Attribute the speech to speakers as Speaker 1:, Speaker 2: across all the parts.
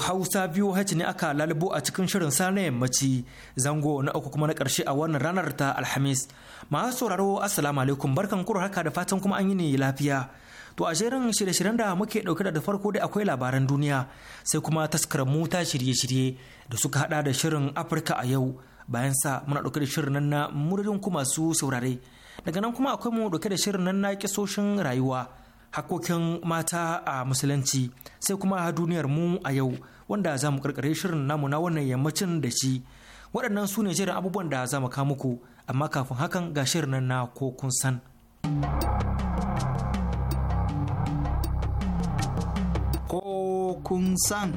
Speaker 1: hausa biyu haci ne aka lalubo a cikin shirin sa na yammaci zango na uku kuma na karshe a wannan ranar ta alhamis masu sauraro assalamu alaikum barkan kuro haka da fatan kuma an yi ne lafiya to a jerin shirye-shiryen da muke ɗauke da farko dai akwai labaran duniya sai kuma taskar mu ta shirye-shirye da suka hada da shirin afirka a yau bayan sa muna dauke da shirin nan na muridin kuma masu saurare daga nan kuma akwai mu ɗauke da shirin nan na kisoshin rayuwa hakokin mata a musulunci sai kuma a duniyar mu a yau wanda za mu karkare shirin namu na wannan yammacin da shi waɗannan su ne jerin abubuwan da za mu kawo muku amma kafin hakan ga shirin nan na ko kun san
Speaker 2: ko
Speaker 3: kun san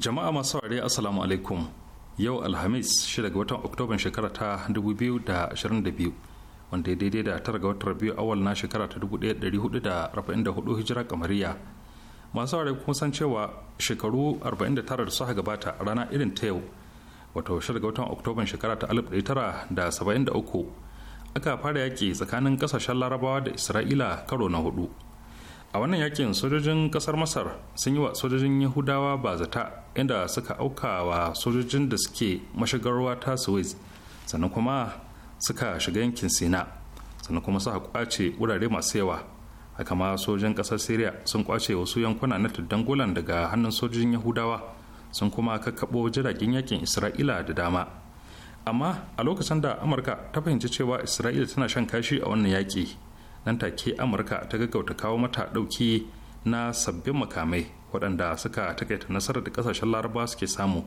Speaker 4: jama'a masu assalamu alaikum yau alhamis 6 ga watan oktoban shekara ta 2022 wanda ya daidai da tara ga watan biyu awal na shekara ta 1444 hijira kamariya masu ware kuma san cewa shekaru 49 da suka gabata a rana irin ta yau wato 6 ga watan oktoban shekara ta 1973 aka fara yaƙi tsakanin ƙasashen larabawa da isra'ila karo na hudu a wannan yakin sojojin kasar masar sun yi wa sojojin yahudawa ba zata inda suka auka wa sojojin da suke mashigarwa ta suez sannan kuma suka shiga yankin sina sannan kuma suka kwace wurare masu yawa a kama sojojin kasar syria sun kwace wasu yankuna na tuddangulan daga hannun sojojin yahudawa sun kuma kakkabo jiragen yakin isra'ila da dama amma a lokacin da amurka ta fahimci cewa isra'ila tana shan kashi a wannan yaƙi nan take amurka ta gaggauta kawo mata dauki na sabbin makamai waɗanda suka takaita nasarar da ƙasashen laraba suke samu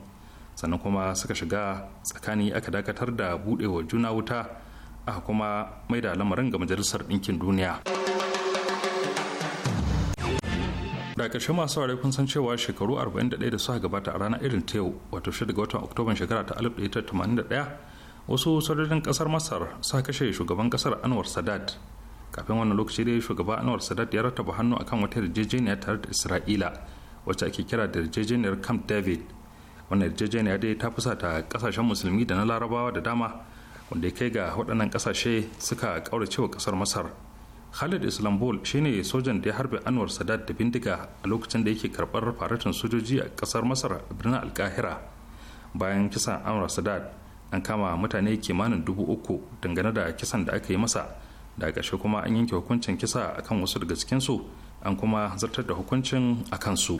Speaker 4: sannan kuma suka shiga tsakani aka dakatar da buɗewa juna wuta aka kuma mai da lamarin ga majalisar ɗinkin duniya da ƙarshe masu ware kun san cewa shekaru 41 da suka gabata a ranar irin ta yau wato 6 ga watan oktoban shekara ta 1981 wasu sojojin ƙasar masar suka kashe shugaban ƙasar anwar sadat kafin wannan lokaci dai shugaba anwar sadat ya rattaba hannu akan wata yarjejeniya tare da isra'ila wacce ake kira da yarjejeniyar camp david wannan yarjejeniya dai ta ta kasashen musulmi da na larabawa da dama wanda ya kai ga waɗannan kasashe suka ƙaurace wa ƙasar masar khalid islambol shine sojan da ya harbe anwar sadat da bindiga a lokacin da yake karɓar faratin sojoji a ƙasar masar a birnin alkahira bayan kisan anwar sadat an kama mutane kimanin dubu uku dangane da kisan da aka yi masa da ƙarshe kuma an yanke hukuncin kisa akan wasu daga cikinsu an kuma zartar da hukuncin a kansu.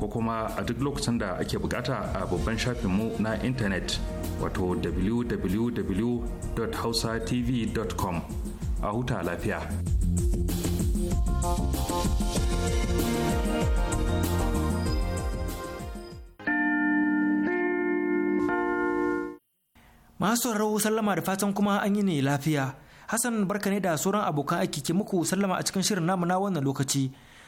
Speaker 4: ko kuma a duk lokacin da ake bukata a babban shafinmu na intanet wato www.hausatv.com a huta lafiya.
Speaker 1: Masu rau sallama da fatan kuma an yi ne lafiya. Hassan barka ne da sauran abokan aiki ke muku sallama a cikin shirin namu na wannan lokaci.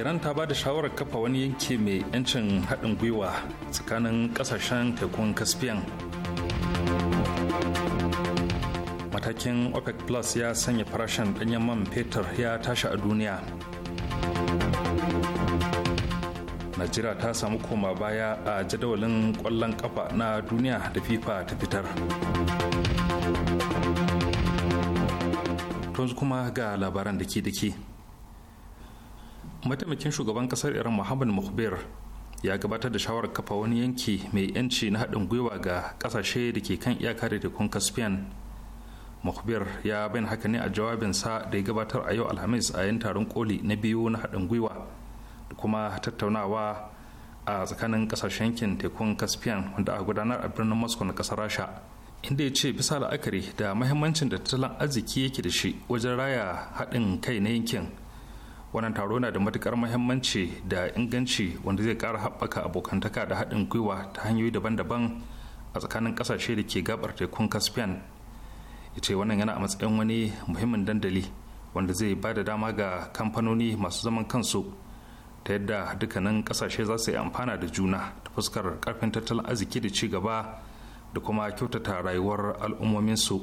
Speaker 4: iran ta ba da shawarar kafa wani yanki mai 'yancin haɗin gwiwa tsakanin ƙasashen tekun caspian matakin opec plus ya sanya farashin ɗanyen man fetur ya tashi a duniya najeriya ta samu koma baya a jadawalin ƙwallon ƙafa na duniya da fifa ta fitar Tunzu kuma ga labaran da ke da ke mataimakin shugaban kasar iran muhammad muhbir ya gabatar da shawarar kafa wani yanki mai yanci na haɗin gwiwa ga ƙasashe da ke kan iyaka da tekun caspian muhbir ya bayyana haka ne a jawabinsa da ya gabatar a yau alhamis a yan taron koli na biyu na haɗin gwiwa da kuma tattaunawa a tsakanin ƙasashen yankin tekun caspian wanda a gudanar a birnin moscow na ƙasar rasha inda ya ce bisa la'akari da mahimmancin da tattalin arziki yake da shi wajen raya haɗin kai na yankin wannan taro na da matukar muhimmanci da inganci wanda zai kara haɓaka abokantaka da haɗin gwiwa ta hanyoyi daban-daban a tsakanin ƙasashe da ke gabar tekun caspian ya ce wannan yana a matsayin wani muhimmin dandali wanda zai ba da dama ga kamfanoni masu zaman kansu ta yadda dukkanin ƙasashe za su yi amfana da juna ta fuskar ƙarfin tattalin arziki da ci gaba da kuma kyautata rayuwar al'ummominsu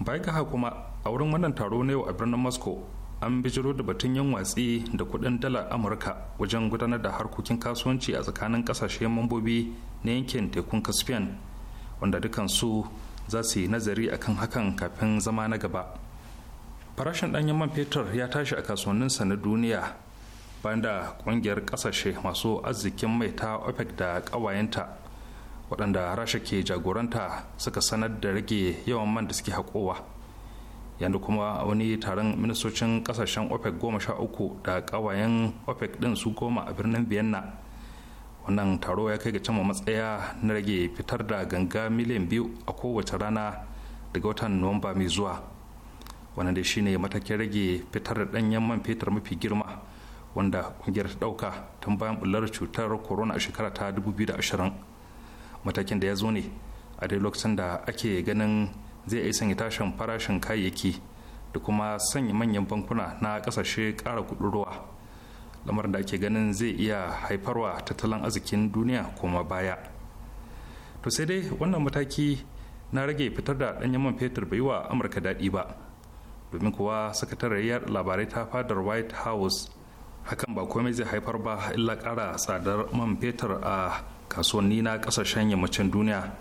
Speaker 4: baya ga kuma a wurin wannan taro na yau a birnin moscow an bijiro da batun yan watsi da kudin dalar amurka wajen gudanar da harkokin kasuwanci a tsakanin kasashe mambobi na yankin tekun caspian wanda dukansu za su yi nazari akan hakan kafin zama na gaba farashin ɗanyen man fetur ya tashi a kasuwanninsa na duniya bayan da ƙungiyar ƙasashe masu arzikin mai ta opec da ƙawayenta waɗanda rasha ke jagoranta suka sanar da rage yawan man da suke haƙowa yadda kuma wani taron ministocin kasashen opec goma sha uku da kawayen opec din su goma a birnin vienna wannan taro ya kai ga cimma matsaya na rage fitar da ganga miliyan biyu a kowace rana daga watan nuwamba mai zuwa wannan da shine matakin rage fitar da danyen man fetur mafi girma wanda kungiyar ta dauka tun bayan bullar cutar corona a shekara ta 2020 matakin da ya zo ne a dai lokacin da ake ganin zai iya sanya tashin farashin kayayyaki da kuma sanya manyan bankuna na kasashe kara kuɗin ruwa lamar da ake ganin zai iya haifarwa tattalin arzikin duniya kuma baya to sai dai wannan mataki na rage fitar da ɗanyen man fetur bai wa amurka daɗi ba domin kuwa sakatare ya labarai ta fadar white house hakan ba komai zai haifar ba illa ƙara tsadar man fetur a kasuwanni na ƙasashen yammacin duniya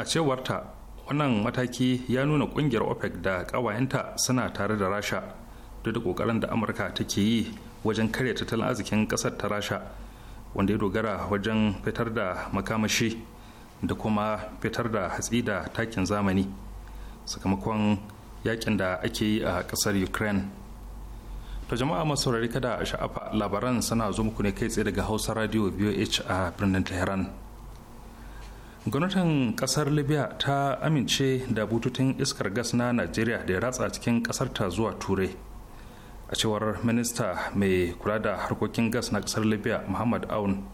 Speaker 4: a cewarta wannan mataki ya nuna kungiyar opec da ƙawayenta suna tare da rasha duk da kokarin da amurka take yi wajen karya tattalin arzikin kasar ta rasha wanda ya dogara wajen fitar da makamashi da kuma fitar da hatsi da takin zamani sakamakon yakin da ake yi a kasar ukraine to jama'a masu kada sha'afa labaran suna zo muku ne kai tsaye daga hausa radio voh a birnin tehran gwamnatin kasar libya ta amince da bututun iskar gas na najeriya da ya ratsa cikin kasar ta zuwa turai a cewar minista mai kula da harkokin gas na kasar libya muhammad aun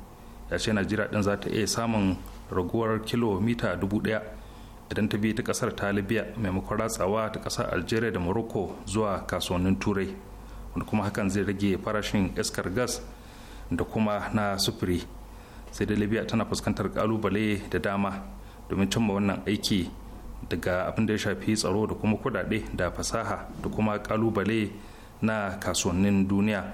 Speaker 4: ya ce najeriya din za ta iya samun raguwar kilomita dubu daya idan ta bi ta kasar ta libya maimakon ratsawa ta kasar algeria da morocco zuwa kasuwannin turai wanda kuma hakan zai rage farashin iskar gas da kuma na sufuri sai dai libya tana fuskantar kalubale da dama domin cimma wannan aiki daga abin da ya shafi tsaro da kuma kudade da fasaha da kuma kalubale na kasuwannin duniya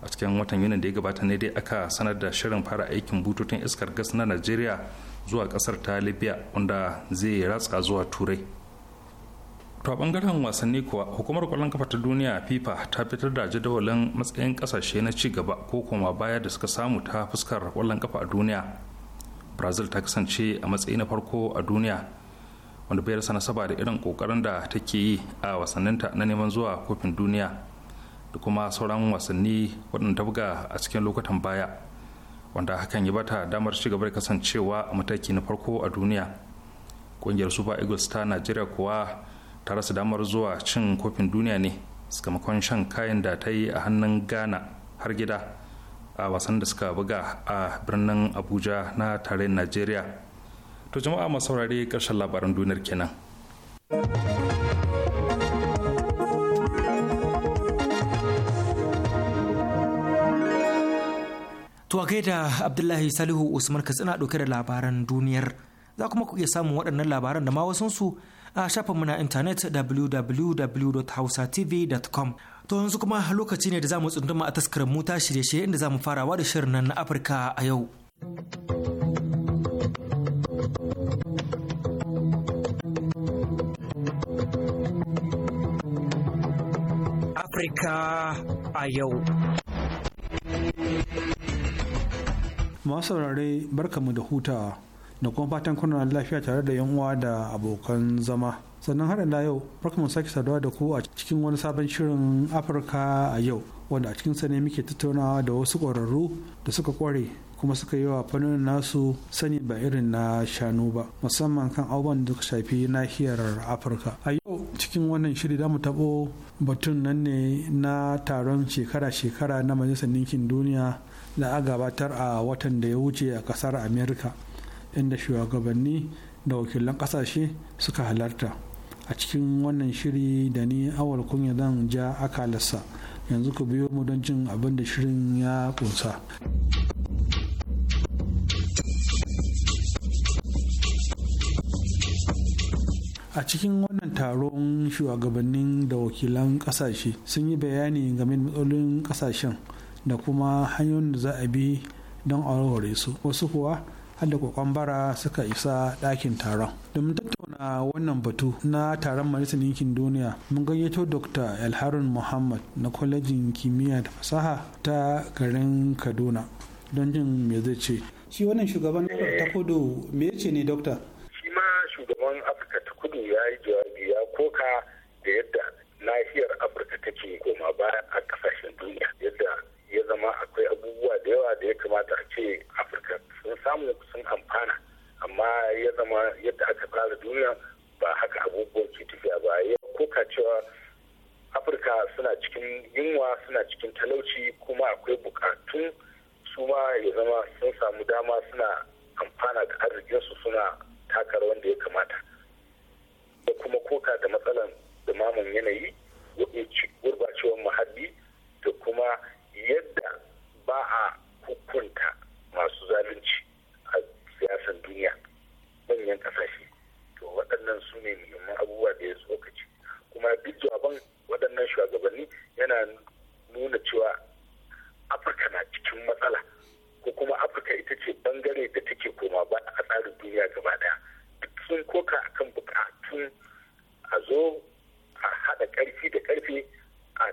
Speaker 4: a cikin watan yunin da ya gabata ne dai aka sanar da shirin fara aikin bututun iskar gas na najeriya zuwa kasar ta libya wanda zai ratsa zuwa turai to a bangaren wasanni kuwa hukumar kwallon kafa ta duniya fifa ta fitar da jadawalin matsayin kasashe na ci gaba ko kuma baya da suka samu ta fuskar kwallon kafa a duniya brazil ta kasance a matsayi na farko a duniya wanda bai rasa nasaba da irin kokarin da take yi a wasanninta na neman zuwa kofin duniya da kuma sauran wasanni waɗanda ta buga a cikin lokutan baya wanda hakan ya bata damar ci gaba da kasancewa a mataki na farko a duniya ƙungiyar super eagles ta najeriya kuwa ta rasa damar zuwa cin kofin duniya ne sakamakon shan kayan da ta yi a hannun ghana har gida a wasan da suka buga a birnin abuja na tarayyar nigeria to jama'a masu saurare karshen labaran duniyar kenan
Speaker 1: to a gaida abdullahi salihu usman katsina ɗauke da labaran duniyar za kuma ku iya samun waɗannan labaran da ma su a shafinmu na intanet www.hausatv.com to yanzu kuma lokaci ne da za mu tsunduma a taskarar mu ta shirye-shirye inda za mu farawa da shirin nan na afirka a yau Afirka
Speaker 5: a yau. Masu barkamu da hutawa. da kuma fatan kuna lafiya tare da yan uwa da abokan zama sannan har da yau barka mu sake saduwa da ku a cikin wani sabon shirin afirka a yau wanda a cikin sa ne muke tattaunawa da wasu ƙwararru da suka ƙware kuma suka yi wa fannin nasu sani ba irin na shanu ba musamman kan abubuwan da suka shafi nahiyar afirka a yau cikin wannan shiri za mu taɓo batun nan ne na taron shekara-shekara na majalisar ninkin duniya da a gabatar a watan da ya wuce a ƙasar amerika inda shugabanni da wakilan kasashe suka halarta a cikin wannan shiri da ni awal kunya zan ja aka akalarsa yanzu ku biyo mu don jin abin da shirin ya kunsa. a cikin wannan taron shugabannin da wakilan kasashe sun yi bayani game da matsalolin kasashen da kuma hanyoyin da za a bi don aurore su wasu kuwa har da bara suka isa ɗakin taron. Domin tattauna wannan batu na taron Majalisar Ɗinkin Duniya mun gayyato Dr. Alharun Muhammad na kwalejin kimiyya da fasaha ta garin Kaduna don jin me zai ce. Shi wannan shugaban ta kudu me ce ne dokta?
Speaker 6: Shi ma shugaban Afirka ta kudu ya yi jawabi ya koka da yadda nahiyar Afirka take koma baya a kasashen duniya yadda ya zama akwai da yawa da ya kamata a ce afirka sun samu sun amfana amma ya zama yadda aka fara duniya ba haka abubuwan ke tafiya ba ya koka cewa afirka suna cikin yunwa suna cikin talauci kuma akwai bukatun su ma ya zama sun samu dama suna amfana da arzikinsu suna takar wanda ya kamata da kuma koka da matsalan dumamin yanayi gurbacewan muhalli da kuma yadda ba a hukunta masu zalunci a siyasar duniya manyan kasashe to waɗannan su ne muhimman abubuwa da ya tsokaci kuma duk jawaban waɗannan shugabanni yana nuna cewa afirka na cikin matsala ko kuma afirka ita ce bangare da take koma ba a tsarin duniya gaba daya sun koka kan bukatun a zo a haɗa ƙarfi da ƙarfe a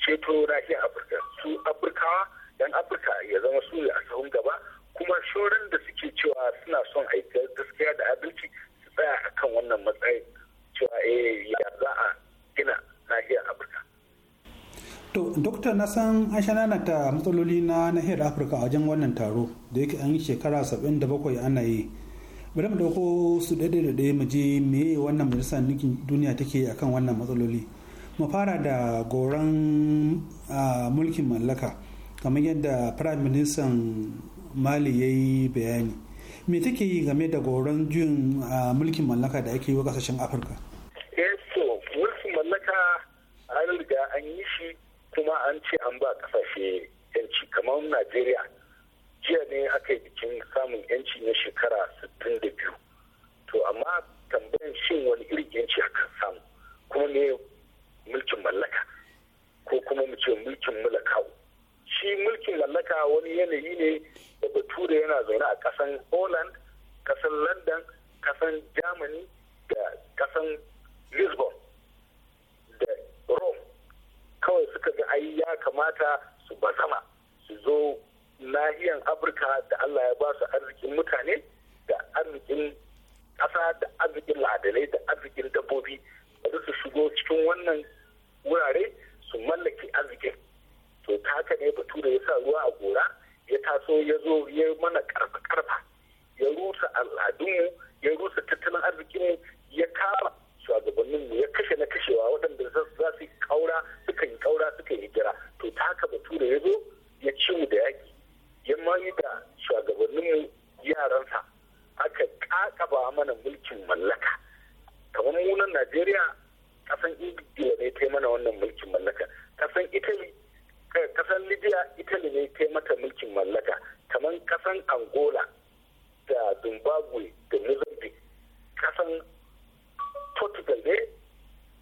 Speaker 6: ceto nahiyar afirka su afirkawa 'yan afirka ya zama su a sahun gaba kuma shoran da suke cewa suna son aika gaskiya da adalci su tsaya a kan wannan matsayin cewa eh, ya za a gina
Speaker 2: nahiyar afirka
Speaker 5: to dokta na san an shanana ta matsaloli na nahiyar afirka a wajen wannan taro da yake an yi shekara da bakwai ana yi bari mu dauko su daidai da ɗaya mu je me wannan majalisar nukin duniya take akan wannan matsaloli mu fara da goron ah, mulkin mallaka kamar yadda prime minister mali ya yi bayani me take yi game da goron juyin ah, mulkin mallaka da ake yi wa kasashen afirka
Speaker 2: so eh, mulkin mallaka
Speaker 6: an riga an yi shi kuma an ce an ba kasashe yanci kamar najeriya jiya ne aka yi bikin samun yanci na shekara 62 to amma tambayan shin wani irin yanci aka samu kuma ne mulkin mallaka ko kuma mu mulkin mulakau shi mulkin mallaka wani yanayi ne da bature yana zaune a kasan holland kasan london kasan germany da kasan lisbon da rome kawai suka ga ai ya kamata su sama su zo nahiyan afirka da allah ya ba su arzikin mutane da arzikin ƙasa da arzikin ladalai da arzikin dabbobi bari su shigo cikin wannan wurare su mallake arzikin to ta haka ne bature ya sa ruwa a gora ya taso ya zo ya mana karfa karfa ya rusa al'adunmu ya rusa tattalin arzikinmu ya kama mu ya kashe na kashewa waɗanda za su yi kaura suka yi kaura suka yi hijira to ta haka bature ya zo ya ci mu da yaƙi ya mayu da mu yaransa aka kakaba mana mulkin mallaka kamar nan najeriya kasan ingila ne ta mana wannan mulkin mallaka kasan italy kasar libya italy ne ta mata mulkin mallaka kamar kasan angola da zimbabwe da mozambique kasan portugal ne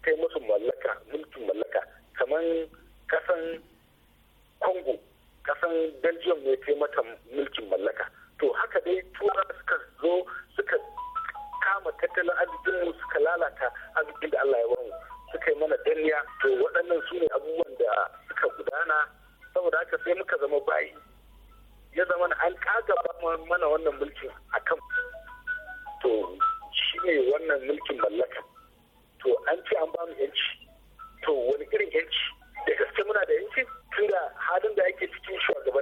Speaker 6: ta yi musu mallaka mulkin mallaka kamar kasan congo kasan belgium ne ta mata mulkin mallaka to haka dai tura suka zo suka kama tattalin arzikin suka lalata arzikin da allah ya bamu suka yi mana danniya to waɗannan su ne abubuwan da suka gudana saboda haka sai muka zama bayi ya zama an kagaba mana wannan mulkin akan to shi ne wannan mulkin mallaka to an ce an bamu yanci to wani irin yanci da gaske muna da yanci tunda halin da ake cikin shugaban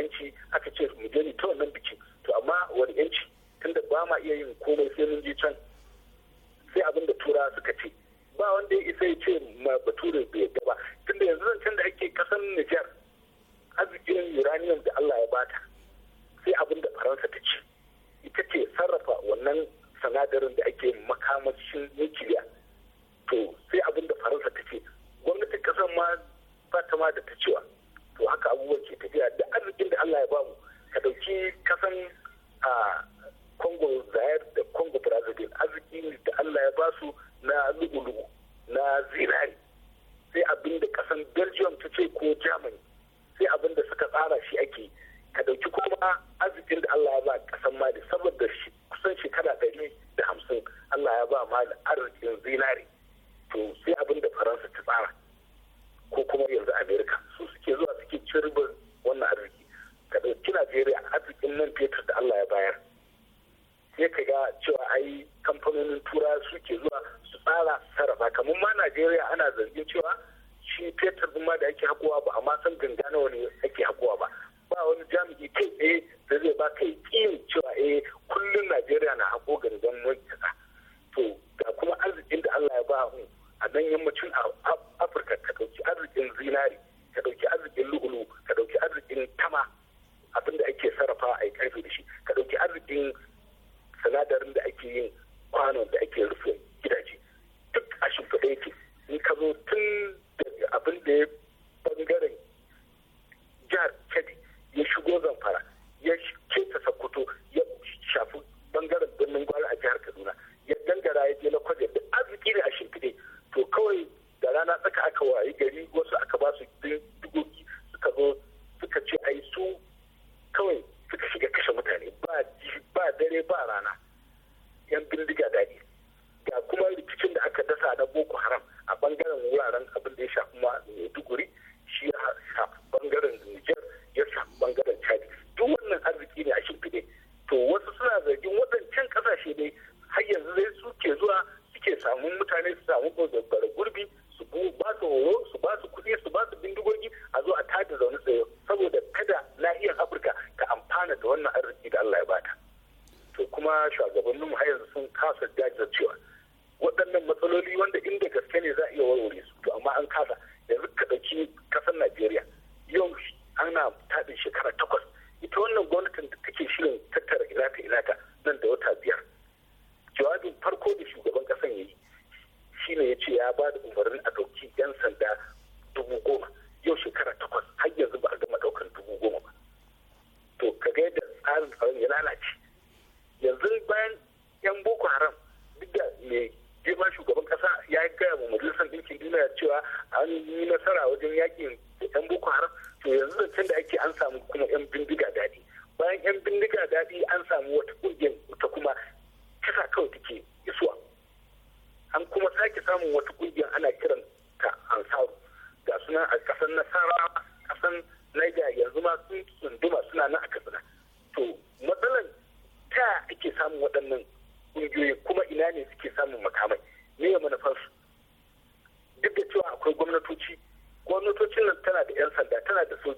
Speaker 6: yanci aka ce mu je ta wannan bikin to amma wani yanci tunda ba ma iya yin komai sai mun je can sai abin da tura suka ce ba wanda ya isa ya ce ma bature bai yadda ba tunda yanzu can da ake kasan Nijar arzikin uranium da Allah ya bata sai abin da Faransa ta ce ita ce sarrafa wannan sanadarin da ake makamashin nukiliya to sai abin da Faransa ta ce gwamnatin kasan ma ba ta ma da ta cewa haka abubuwan ke tafiya da arzikin da Allah ya bamu ka ɗauki kasan a Congo Zaire da Congo Brazzaville arziki da Allah ya basu na lugu-lugu na zinari sai abin da kasan Belgium ta ce ko Germany sai abin da suka tsara shi ake ka ɗauki kuma arzikin da Allah ya ba kasan Mali saboda kusan shekara ɗari da hamsin Allah ya ba Mali arzikin zinari to sai abin da Faransa ta tsara ko kuma yanzu america su suke zuwa suke cirbin wannan arziki ka ɗauki najeriya arzikin nan fetur da allah ya bayar sai ka ga cewa ai kamfanonin tura suke zuwa su tsara sarrafa kamar ma najeriya ana zargin cewa shi fetur ma da ake hakowa ba amma san ganga na ne ake hakowa ba ba wani jami'i kai tsaye da zai ba ka yakin cewa eh kullum najeriya na hako gangan mai to ga kuma arzikin da allah ya ba mu a nan yammacin afirka ka ɗauki arzikin zinari ka ɗauki arzikin lu'ulu ka ɗauki arzikin tama abin da ake sarrafa a yi karfe da shi ka ɗauki arzikin sinadarin da ake yin kwanon da ake rufe gidaje duk a shimfiɗa yake in ka zo tun abin da ya bangaren jihar kebbi ya shigo zamfara ya keta sakkwato ya shafi bangaren birnin gwari a jihar kaduna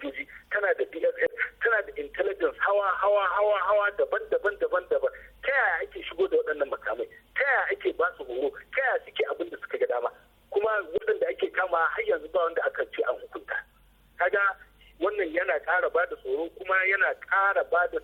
Speaker 6: sojoji tana da dss eh, tana da intelligence hawa hawa hawa hawa daban daban daban daban ta yaya ake shigo da waɗannan makamai ta yaya ake ba su horo ta yaya suke abin da suka ga dama kuma waɗanda ake kama har yanzu ba wanda aka ce an hukunta kaga wannan yana ƙara ba da tsoro kuma yana ƙara ba da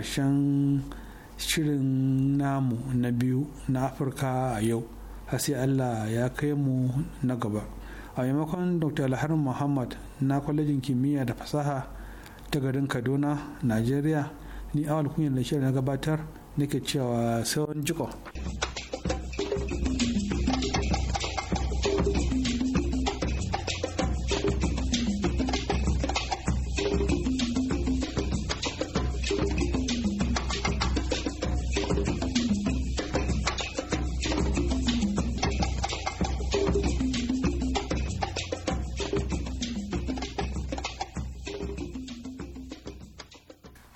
Speaker 5: karshen shirin namu na biyu na afirka a yau sai allah ya kai mu na gaba a maimakon dr alhar muhammad na kwalejin kimiyya da fasaha ta garin kaduna nigeria ni awal kunyar da shirin na gabatar nake cewa sauran jiko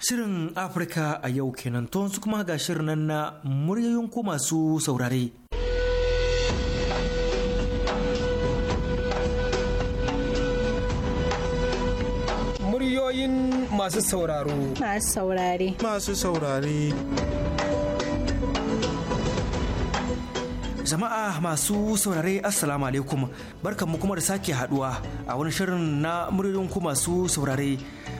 Speaker 1: Shirin Afirka a yau kenan to su kuma ga shirin nan na muryoyin ku masu saurare.
Speaker 7: Muryoyin masu sauraro.
Speaker 5: Masu saurare. Masu saurare.
Speaker 1: Jama'a masu saurare Assalamu alaikum barkanmu kuma da sake haduwa a wani shirin na muryoyin ku masu saurare.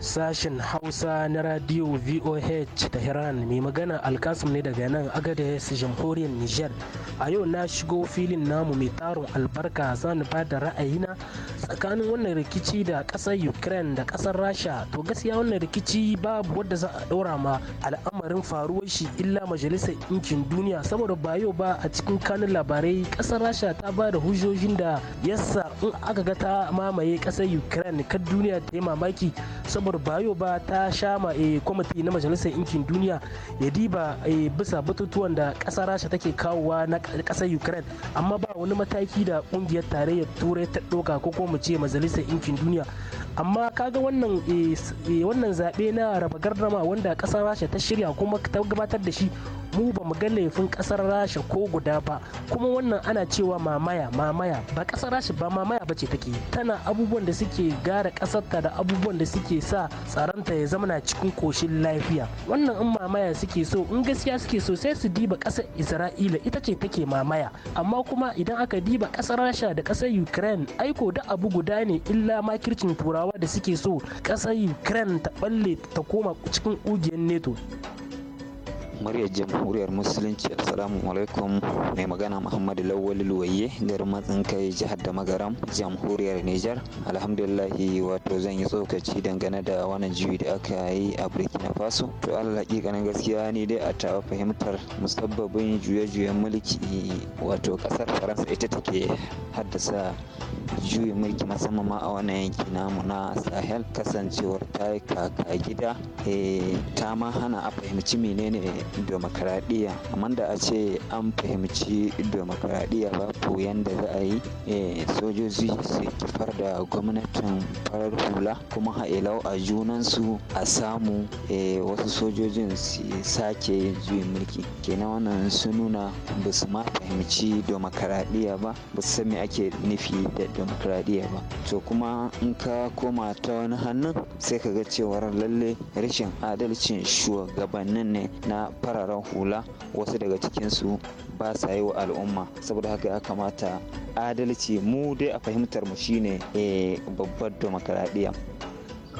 Speaker 7: sashen Hausa na Radio VOH Tehran mai magana Alkasim ne daga nan Agadez Jamhuriyar Nijar. A yau na shigo filin namu mai tarin albarka zan ba da ra'ayina tsakanin wannan rikici da kasar Ukraine da kasar Rasha. To gaskiya wannan rikici babu wadda za a ɗora ma al'amarin faruwar shi illa majalisar ɗinkin duniya saboda ba yau ba a cikin kanin labarai kasar Rasha ta ba da hujjojin da yasa in aka ga ta mamaye ƙasar Ukraine kan duniya ta yi mamaki saboda umar bayo ba ta sha shama eh, kwamiti na majalisar yankin duniya ya diba eh, bisa batutuwan da ƙasar rasha take kawowa na ƙasar ukraine amma ba wani mataki da ƙungiyar tarayyar turai ta ɗauka ko kuma mu ce majalisar yankin duniya amma kaga wannan eh, wannan zaɓe na raba gardama wanda ƙasar rasha ta shirya kuma ta gabatar da shi mu ba mu ga laifin ƙasar rasha ko guda ba kuma wannan ana cewa mamaya mamaya ba kasar rasha ba mamaya ba ce take tana abubuwan da suke gara kasarta da abubuwan da suke sa tsaronta ya zama cikin koshin lafiya wannan in mamaya suke so in gaskiya suke so sai su diba kasar isra'ila ita ce take mamaya amma kuma idan aka diba ƙasar rasha da ƙasar ukraine aiko da abu guda ne illa makircin turawa da suke so kasar ukraine ta balle ta koma cikin ƙugiyar neto
Speaker 8: muryar jamhuriyar musulunci assalamu alaikum mai magana muhammadu lawal luwaye garin matsin kai jihar da magaram jamhuriyar Nijar alhamdulillahi wato zan yi tsokaci dangane da wannan juyi da aka yi a burkina faso to allah hakikanin gaskiya ni dai a tawa fahimtar musabbabin juye-juyen mulki wato kasar faransa ita take haddasa juyin mulki musamman ma a wannan yanki namu na sahel kasancewar ta yi kaka gida eh, ta ma hana a fahimci menene demokaradiyya amma da a ce an fahimci demokaradiyya babu yanda za a yi eh, sojoji su kifar da gwamnatin farar hula kuma ha'ilau a junansu a samu eh, wasu sojojin su sake juyin mulki kenan wannan sun nuna ba su ma fahimci demokaradiyya ba ba su me ake nufi da demokaradiyya ba to kuma in ka koma ta wani hannun sai ka ga cewar lallai rashin adalcin shugabannin ne na fararen hula wasu daga cikinsu ba sa yi wa al'umma saboda haka ya kamata adalci mu dai a fahimtar mu shine eh, babbar demokaradiyya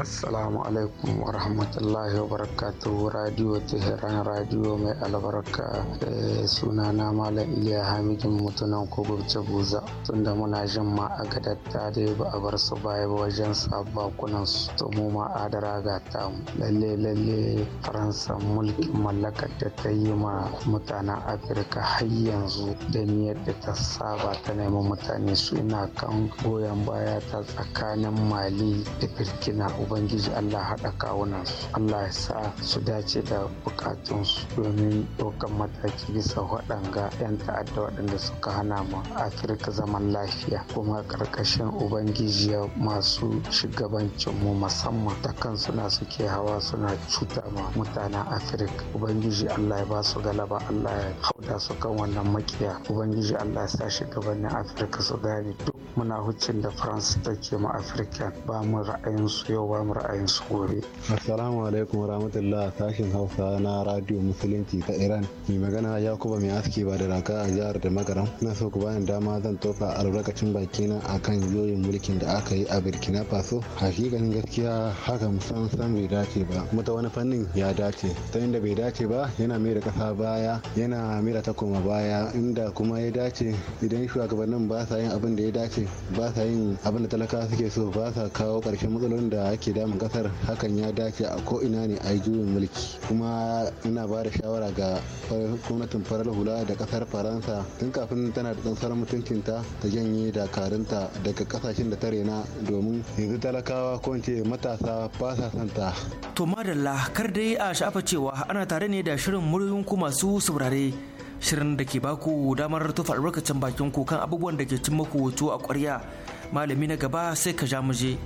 Speaker 8: Assalamu alaikum wa
Speaker 9: rahmatullahi wa barakatuhu Radio Tehran Radio mai albarka eh, sunana Malam Iliya Hamidin mutunan kogon Buza tunda muna jin ma a gadar ta ba a bar su baya ba wajen sabakunan su to mu ma adara ga ta mu. lalle lalle faransa mulkin mallakar da ta yi ma mutanen afirka har yanzu da niyyar da ta saba ta nemi mutane su ina kan goyon baya ta tsakanin mali da birkina ubangiji allah haɗa kawunan su allah ya sa su dace da bukatunsu domin ɗaukan mataki bisa waɗanga 'yan ta'adda waɗanda suka hana mu afirka zama zaman lafiya kuma ƙarƙashin ubangijiya masu shugabancinmu musamman ta kan suna suke hawa suna cuta ma mutanen afirka ubangiji allah ya basu galaba allah ya hauda su kan wannan makiya ubangiji allah ya sa shugabannin afirka su gane duk muna hucin da france ke ma afirka ba mu ra'ayin su yau ba mu ra'ayin su gobe assalamu alaikum rahmatullah sashen hausa na radio musulunci ta iran mai magana yakuba mai
Speaker 10: aski ba da raka a jihar da magaram na so ku bani dama zan tofa tofa albarkacin bakina akan yoyin mulkin da aka yi a burkina faso hakikanin gaskiya haka musamman san bai dace ba kuma ta wani fannin ya dace ta inda bai dace ba yana mai da kasa baya yana mai da takoma baya inda kuma ya dace idan shugabannin ba sa yin abin da ya dace ba sa yin abin da talaka suke so ba sa kawo karshen matsalolin da ake damun kasar hakan ya dace a ko ina ne a juyin mulki kuma ina ba da shawara ga gwamnatin farar hula da kasar faransa tun kafin tana da tsantsar mutuncinta ta janye dakarunta daga kasashen da ta rena domin yanzu talakawa ko ce matasa ba sa santa. To
Speaker 1: madalla kar dai a sha'afa cewa ana tare ne da shirin muryoyin ku masu saurare shirin da ke baku damar tufa albarkacin bakin ku kan abubuwan da ke cin maku a kwarya malami na gaba sai ka ja muje.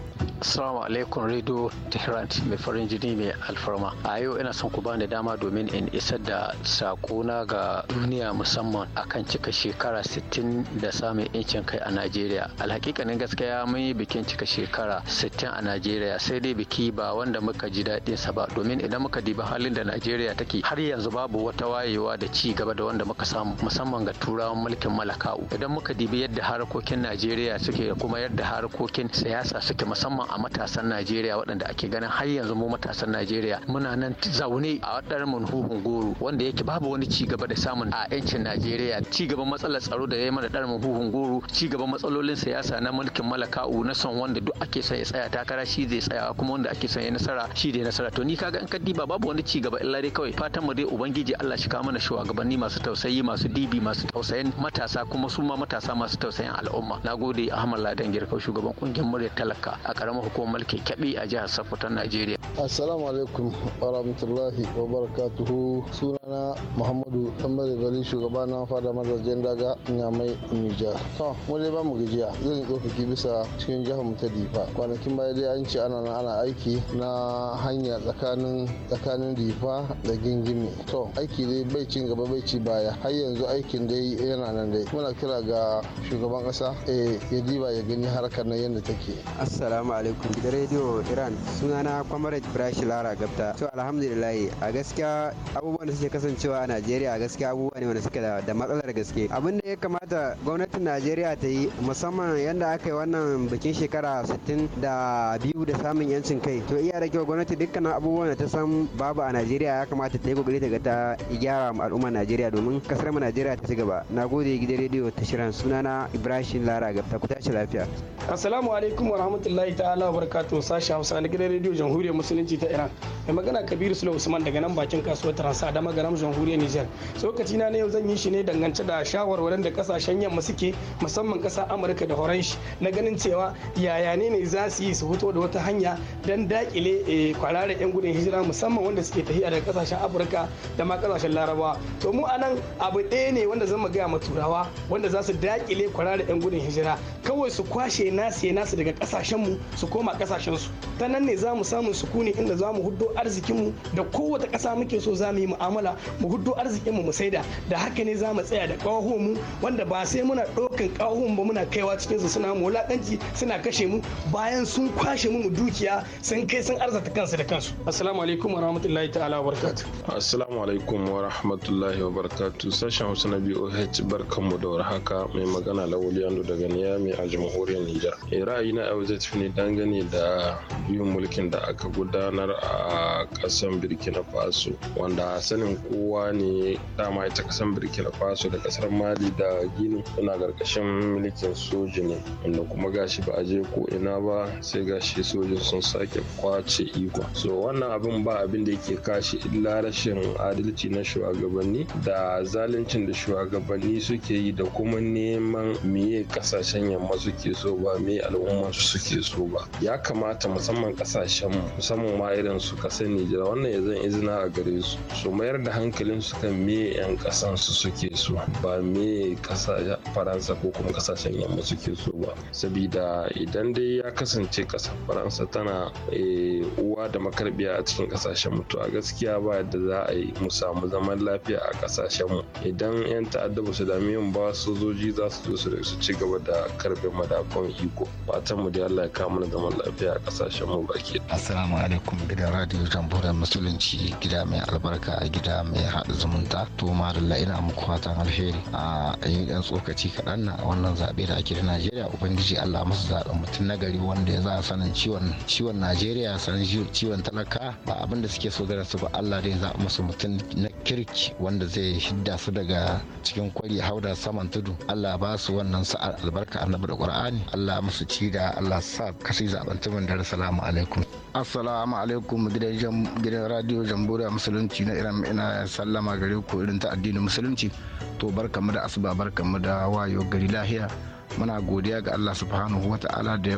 Speaker 11: Assalamu alaikum Radio Tehran mai farin jini mai alfarma. A yau ina son ku bani dama domin in isar da sakona ga duniya musamman akan cika shekara 60 da samun incin kai a Najeriya. Alhakikanin gaskiya mun yi bikin cika shekara 60 a Najeriya sai dai biki ba wanda muka ji daɗin sa ba domin idan muka diba halin da Najeriya take har yanzu babu wata wayewa da ci gaba da wanda muka samu musamman ga turawan mulkin malakawu Idan muka dibi yadda harkokin Najeriya suke da kuma yadda harkokin siyasa suke musamman a matasan Najeriya waɗanda ake ganin har yanzu mu matasan Najeriya muna nan zaune a wadar manhuhun goro wanda yake babu wani ci gaba da samun a yancin Najeriya ci gaban matsalar tsaro da ya mana dar manhuhun goro ci gaban matsalolin siyasa na mulkin malaka'u na son wanda duk ake son ya tsaya takara shi zai tsaya kuma wanda ake son ya nasara shi da nasara to ni kaga in ka diba babu wani ci gaba illa dai kawai fatan mu dai ubangiji Allah shi kawo mana shugabanni masu tausayi masu dibi masu tausayin matasa kuma su ma matasa masu tausayin al'umma nagode Ahmad Ladan Girkau shugaban kungiyar murya talaka a karamar hukumar kekebe a jihar Sokoto Najeriya.
Speaker 12: Assalamu alaikum wa rahmatullahi wa barakatuhu sunana Muhammadu Tambari Bali shugaba na fada mazajen daga Nyamai Nija. To mu dai ba mu gajiya zan yi tsofaki bisa cikin jihar mu ta Difa. Kwanakin baya dai an ce ana ana aiki na hanya tsakanin tsakanin Difa da Gingimi. To aiki dai bai cin gaba bai ci baya har yanzu aikin dai yana nan dai. Muna kira ga shugaban kasa eh ya diba ya gani harkar
Speaker 8: nan yadda take. Assalamu assalamu alaikum gidan rediyo iran sunana comrade brash lara gabta to alhamdulillah a gaskiya abubuwan da suke kasancewa a najeriya a gaskiya abubuwa ne wanda suke da matsalar gaske abin da ya kamata gwamnatin najeriya ta yi musamman yadda aka yi wannan bikin shekara 60 da biyu da samun yancin kai to iya da kyau gwamnati dukkanin abubuwan da ta san babu a najeriya ya kamata ta yi kokari ta ga ta gyara ma al'ummar najeriya domin kasar mu najeriya ta ci gaba na gode gidan rediyo ta shirin sunana ibrahim lara gabta ku tashi lafiya
Speaker 7: assalamu alaikum wa rahmatullahi ta ta'ala wa to sashi Hausa na gidan rediyo Jamhuriyar Musulunci ta Iran. Mai magana Kabiru Sule Usman daga nan bakin kasuwar Transa da magaram Jamhuriyar Niger. Tsokaci na yau zan yi shi ne dangance da shawarwarin da kasashen yamma suke musamman kasa Amurka da shi na ganin cewa yaya ne ne za su yi su fito da wata hanya don dakile eh, kwararren 'yan gudun hijira musamman wanda suke tafiya daga kasashen Afirka da ma kasashen Larabawa. To mu anan abu ɗaya ne wanda zan gaya ma turawa wanda za su dakile kwararren 'yan gudun hijira kawai su kwashe nasu nasu daga kasashen mu su koma kasashensu ta nan ne za mu samu sukuni inda za mu huddo mu da kowace ƙasa muke so za mu yi mu'amala mu huddo arzikinmu mu saida da haka ne za mu tsaya da mu wanda ba sai muna ɗaukan ƙawahonmu ba muna kaiwa cikinsu suna mu wulaƙanci suna kashe mu bayan sun kwashe mu dukiya sun kai sun arzata kansu da kansu
Speaker 13: assalamu alaikum wa rahmatullahi ta'ala wa barakatu assalamu alaikum wa rahmatullahi wa barakatu sashen hausa na boh barkanmu da warhaka mai magana lawali daga niyami a jamhuriyar nijar eh, ra'ayi na yau zai tafi dangane da biyun mulkin da aka gudanar a kasan birkina faso wanda sanin kowa ne dama ita kasan birkina faso da kasar mali da gini suna karkashin mulkin soji ne wanda kuma gashi ba a je ko ina ba sai gashi sojin sun sake kwace iko so wannan abin ba abin da yake kashi illa rashin adalci na shugabanni da zaluncin da shugabanni suke yi da kuma neman miye kasashen yamma suke so ba me al'umma suke so tsaro ba ya kamata musamman kasashen musamman ma irin su kasan Nijar wannan ya zan izina a gare su su mayar da hankalin su kan me yan kasan su suke so ba me kasashen Faransa ko kuma kasashen yamma suke so ba sabida idan dai ya kasance kasar Faransa tana eh, uwa da makarbiya a cikin kasashen mutu a gaskiya ba da za a yi mu samu zaman lafiya a kasashen mu idan yan ta'adda ba su dami yin ba sojoji za su zo su ci gaba da karbe madakon iko fatan mu da Allah ya kama mana zaman lafiya a kasashen mu baki
Speaker 12: assalamu alaikum gidan radio jamhuriyar musulunci gida mai albarka gida mai haɗa zumunta to madalla ina muku fatan alheri a yi yan tsokaci kaɗan na wannan zaɓe da ake da najeriya ubangiji allah masu zaɓen mutum na gari wanda ya za a sanin ciwon ciwon najeriya sanin ciwon talaka ba abin da suke so da su ba allah dai zaɓa musu mutum na kirki wanda zai hidda su daga cikin kwari hauda saman tudu allah ba su wannan sa'ar albarka annabi da qur'ani allah musu ci da allah sa kashi zaben tumin dare salamu alaikum assalamu alaikum gidan radio jamhuriya musulunci na iran ina sallama gare ku irin ta addinin musulunci to barkamu da asuba mu da wayo gari lahiya muna godiya ga allah subhanahu wa ta'ala da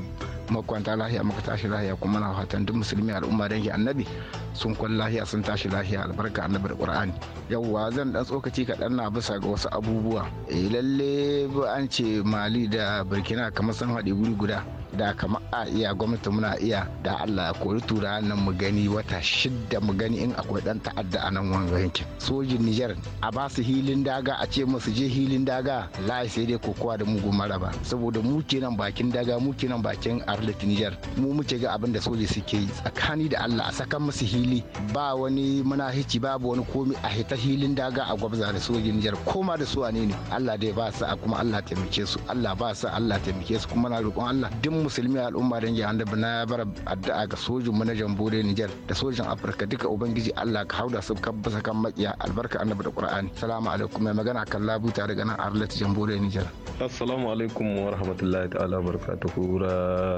Speaker 12: makwanta lahiya muka tashi lahiya kuma na fatan duk musulmi al'umma dangi annabi sun kwan lahiya sun tashi lahiya albarka annabar da qur'ani yawwa zan dan tsokaci kaɗan na bisa ga wasu abubuwa eh lalle ba an ce mali da burkina kamar san haɗe guri guda da kamar a iya gwamnati muna iya da Allah ya kori tura nan mu gani wata shidda mu gani in akwai dan ta'adda a nan wanga yankin sojin Niger a ba su hilin daga a ce masu je hilin daga lai sai dai kokowa da mugun maraba saboda mu kenan bakin daga mu kenan bakin a harlit Nijar mu muke ga abin da soja suke yi tsakani da Allah a sakan musu hili ba wani hici babu wani komi a hita hilin daga a gwabza da sojin Nijar koma da su ne Allah dai ba sa kuma Allah taimake su Allah ba sa Allah taimake su kuma na roƙon Allah duk musulmi al'umma dan jihar annabi na bar addu'a ga sojin mu na jamhuriyar Nijar da sojin Afirka duka ubangiji Allah ka hauda su kan basa kan makiya albarka annabi da Qur'ani salamu alaikum mai magana kallabu tare daga nan Arlet jamhuriyar Nijar
Speaker 13: assalamu alaikum wa rahmatullahi ta'ala barakatuhu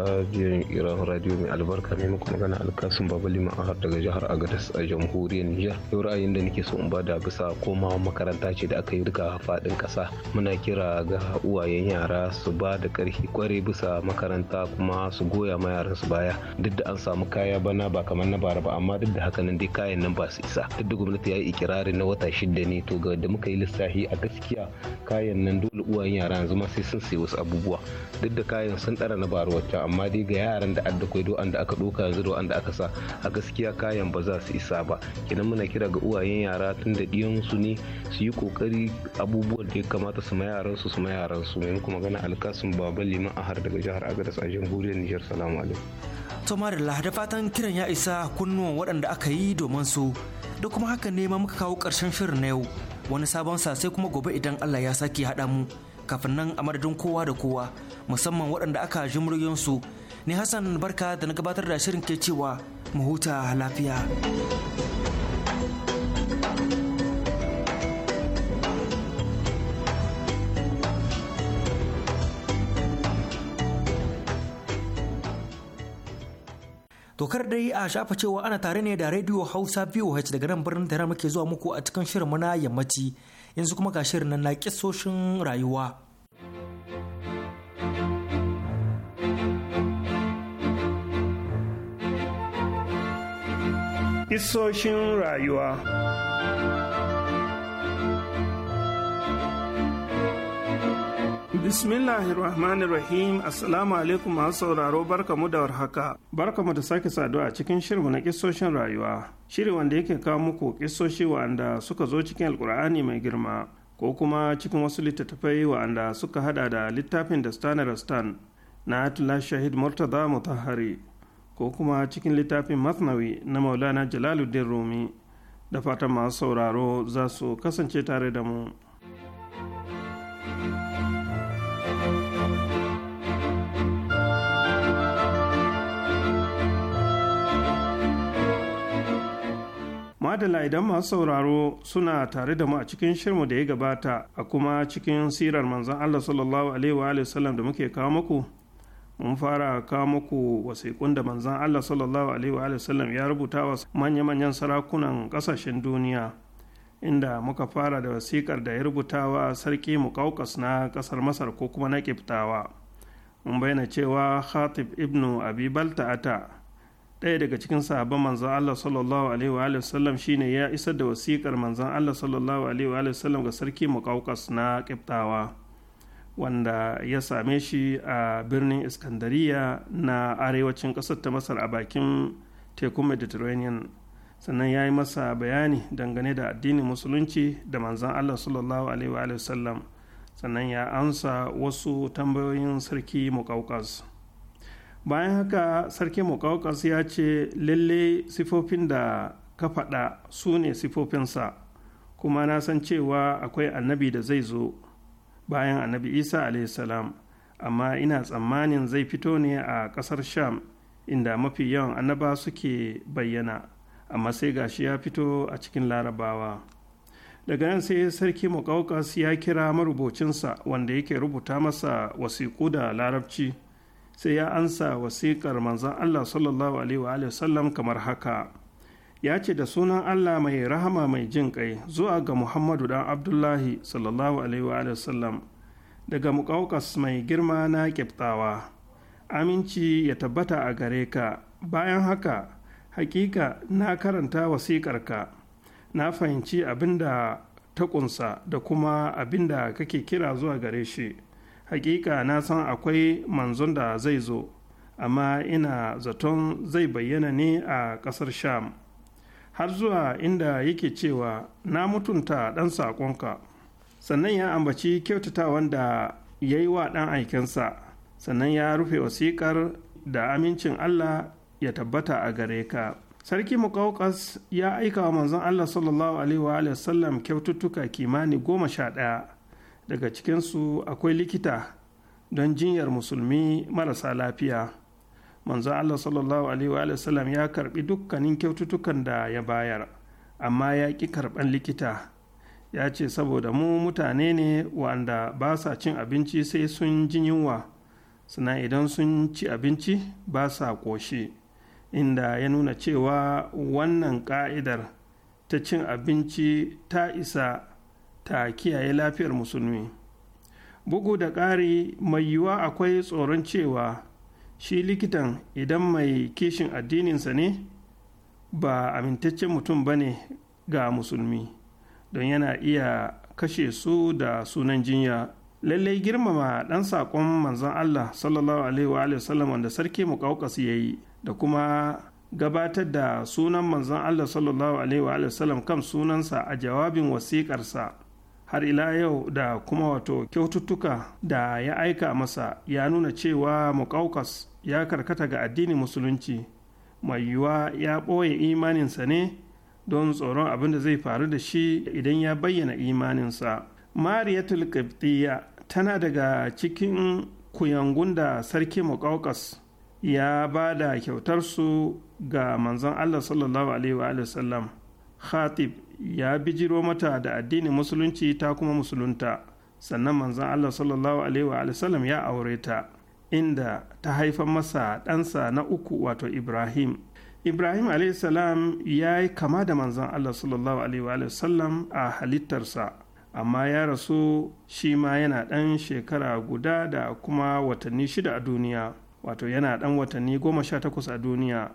Speaker 13: radiyon iran radiyo mai albarka ne muku magana alkasun babali har daga jihar agadas a jamhuriyar nijar yau ra'ayin da nake so in bada bisa koma makaranta ce da aka yi duka faɗin kasa muna kira ga uwayen yara su ba da karfi kware bisa makaranta kuma su goya ma yaran su baya duk da an samu kaya bana ba kamar na bara ba amma duk da haka nan dai kayan nan ba su isa duk da gwamnati ya yi ikirarin na wata shida ne to ga da muka yi lissafi a gaskiya kayan nan dole uwayen yara yanzu ma sai sun sayi wasu abubuwa duk da kayan sun ɗara na bara wacce amma amma dai ga yaran da adda kwaido an da aka ɗauka yanzu da wanda aka sa a gaskiya kayan ba za su isa ba kenan muna kira ga uwayen yara tun da su ne su yi kokari abubuwan da ya kamata su ma yaran su su ma yaran su mai muku magana alkasun baban liman har daga jihar agadas a jamhuriyar nijar salamu alaikum
Speaker 1: to marilla da fatan kiran ya isa kunnuwan waɗanda aka yi domin su da kuma haka ne ma muka kawo karshen shirin na yau wani sabon sa sai kuma gobe idan allah ya sake haɗa mu kafin nan a madadin kowa da kowa musamman waɗanda aka ji muryoyinsu ni hassan barka da na gabatar da shirin ke cewa mu huta lafiya Dokar dai a shafa cewa ana tare ne da Radio Hausa VOH daga nan birnin da muke zuwa muku a cikin shirin na yammaci yanzu kuma ga shirin na kisoshin rayuwa
Speaker 3: kisoshin rayuwa Bismillahirrahmanirrahim Assalamu alaikum masu sauraro barkamu da warhaka. Barkamu da sake saduwa a cikin shirmu na kisoshin rayuwa. Shiri wanda yake kawo muku kisoshi wa'anda suka zo cikin alkur'ani mai girma ko kuma cikin wasu littattafai wanda suka hada da littafin da Stan Stan na Atula Shahid Murtaza Mutahari ko kuma cikin littafin Masnawi na Maulana Jalaluddin Rumi da fatan masu sauraro za su kasance tare da mu. adala idan masu sauraro suna tare da mu a cikin shirmu da ya gabata a kuma cikin sirar manzan Allah sallallahu alaihi wa da muke kawo muku mun fara kawo muku wasiƙun da manzan Allah sallallahu alaihi wa ya rubuta wa manya-manyan sarakunan ƙasashen duniya inda muka fara da wasiƙar da ya rubuta wa sarki muƙauƙas na ƙasar masar ko kuma na kiftawa mun bayyana cewa khatib ibnu abi balta'ata ɗaya daga cikin sahabban manzon Allah sallallahu alaihi wa sallam shine ya isar da wasiƙar manzon Allah sallallahu alaihi wa sallam ga sarki Muqawqas na Qibtawa wanda ya same shi a birnin Iskandariya na arewacin ƙasar ta Masar a bakin tekun Mediterranean sannan ya yi masa bayani dangane da addinin musulunci da manzon Allah sallallahu alaihi wa sallam sannan ya amsa wasu tambayoyin sarki Muqawqas bayan haka sarki mukaukas ya ce lalle sifofin da ka faɗa su ne sifofinsa kuma na san cewa akwai annabi da zai zo bayan annabi isa salam amma ina tsammanin zai fito ne a ƙasar sham inda mafi yawan annaba suke bayyana amma sai gashi ya fito a cikin larabawa daga nan sai sarki mukaukas ya kira marubucinsa wanda yake rubuta masa wasiƙu da larabci sai ya ansa wasiƙar manzon Allah sallallahu alaihi wa sallam kamar haka ya ce da sunan Allah mai rahama mai jin kai zuwa ga Muhammadu dan Abdullahi sallallahu alaihi wa sallam daga muƙaukas mai girma na ƙiftawa aminci ya tabbata a gare ka bayan haka hakika na karanta wasiƙarka na fahimci abin da ta ƙunsa da kuma abin da kake kira zuwa gare shi hakika na san akwai manzon da zai zo amma ina zaton zai bayyana ne a ƙasar sham har zuwa inda yake cewa na mutunta ɗan saƙonka sannan ya ambaci kyautatawan da ya yi wa ɗan aikinsa sannan ya rufe wasiƙar da amincin allah ya tabbata a gare ka sarki mukaukas ya aika wa manzon allah sallallahu alaihi wa sallam kyaututtuka kimani goma sha ɗaya daga cikinsu akwai likita don jinyar musulmi marasa lafiya manzon allah sallallahu alaihi wa sallam ya karbi dukkanin kyaututtukan da ya bayar amma ya ƙi karɓan likita ya ce saboda mu mutane ne wanda ba sa cin abinci sai sun ji yunwa suna idan sun ci abinci ba sa ƙoshi inda ya nuna cewa wannan ƙa'idar ta cin abinci ta isa ta kiyaye lafiyar musulmi bugu da ƙari mai yiwuwa akwai tsoron cewa shi likitan idan mai kishin addininsa ne ba amintaccen mutum ba ne ga musulmi don yana iya kashe su da sunan jinya lallai girmama ɗan saƙon manzon Allah sallallahu alaihi wa sallam wanda sarki muƙauƙas ya yi da kuma gabatar da sunan manzon Allah sallallahu alaihi wa sallam kan sunansa a jawabin wasiƙarsa har ila yau da kuma wato kyaututtuka da ya aika masa ya nuna cewa mukaukas ya karkata ga addinin musulunci mai yiwuwa ya ɓoye imaninsa ne don tsoron abin da zai faru da shi idan ya bayyana imaninsa mariyatul qibtiyya tana daga cikin kuyangun da sarki mukaukas ya ba da kyautarsu ga manzon allah sallallahu alaihi wa sallam khatib ya bijiro mata da addinin musulunci ta kuma musulunta sannan manzan Allah sallallahu alaihi wa sallam ya aure ta inda ta haifar masa ɗansa na uku wato Ibrahim Ibrahim salam ya yi kama da manzan Allah sallallahu alaihi wa sallam a halittarsa amma ya rasu shi ma yana ɗan shekara guda da kuma watanni shida a duniya wato yana ɗan watanni goma sha takwas a duniya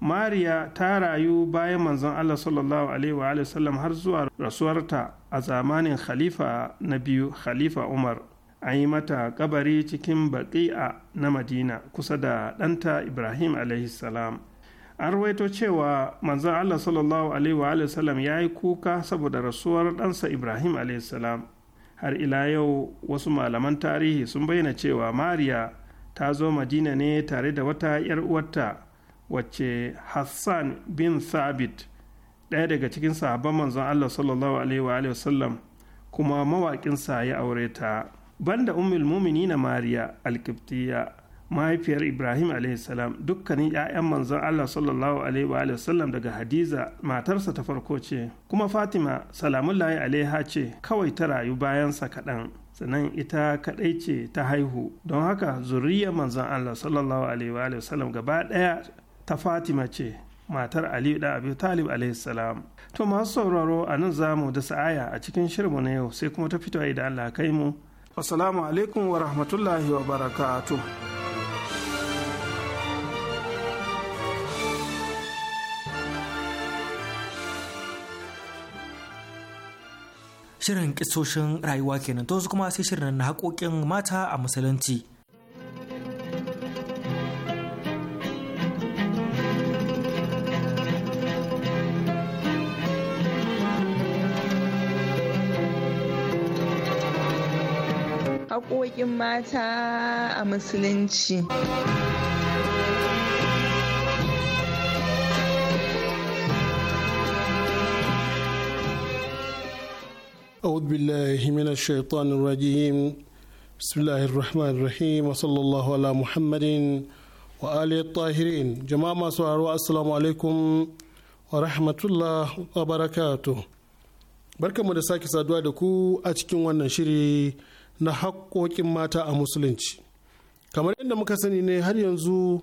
Speaker 3: mariya ta rayu bayan manzon allah sallallahu alaihi wa sallam har zuwa rasuwarta a zamanin khalifa na biyu khalifa umar an yi mata kabari cikin baƙi'a na madina kusa da ɗanta ibrahim alaihi salam an ruwaito cewa manzon allah sallallahu alaihi wa sallam ya yi kuka saboda rasuwar ɗansa ibrahim alaihi salam har ila yau wasu malaman tarihi sun bayyana cewa mariya ta zo madina ne tare da wata 'yar uwarta wacce hassan bin thabit ɗaya daga cikin sahabban manzon allah sallallahu alaihi wasallam kuma mawaƙinsa ya aure ta banda ummul muminina mariya al alkiftiya mahaifiyar ibrahim salam dukkanin 'ya'yan manzon allah sallallahu alaihi wasallam daga hadiza matarsa ta farko ce kuma fatima salamullahi alaiha ce kawai ta rayu bayansa kaɗan sannan ita kaɗai ce ta haihu don haka zuriyar manzon allah sallallahu alaihi wasallam gaba ɗaya ta fatima ce matar aliyu da abu talib alaihissalam to masu sauraro a nan za mu da sa'aya a cikin shirinmu na yau sai kuma ta fito idan allah kai mu assalamu alaikum wa rahmatullahi wa barakatu.
Speaker 1: Shirin kisoshin rayuwa kenan to su kuma sai shirin na haƙoƙin mata a musulunci.
Speaker 8: mata a musulunci
Speaker 10: أعوذ بالله من الشيطان الرجيم بسم الله الرحمن الرحيم وصلى الله على محمد وآله الطاهرين جماعة ما السلام عليكم ورحمة الله وبركاته barkanmu da سادوا دكو أتكين وانا شري na haƙƙoƙin mata a musulunci kamar yadda muka sani ne har yanzu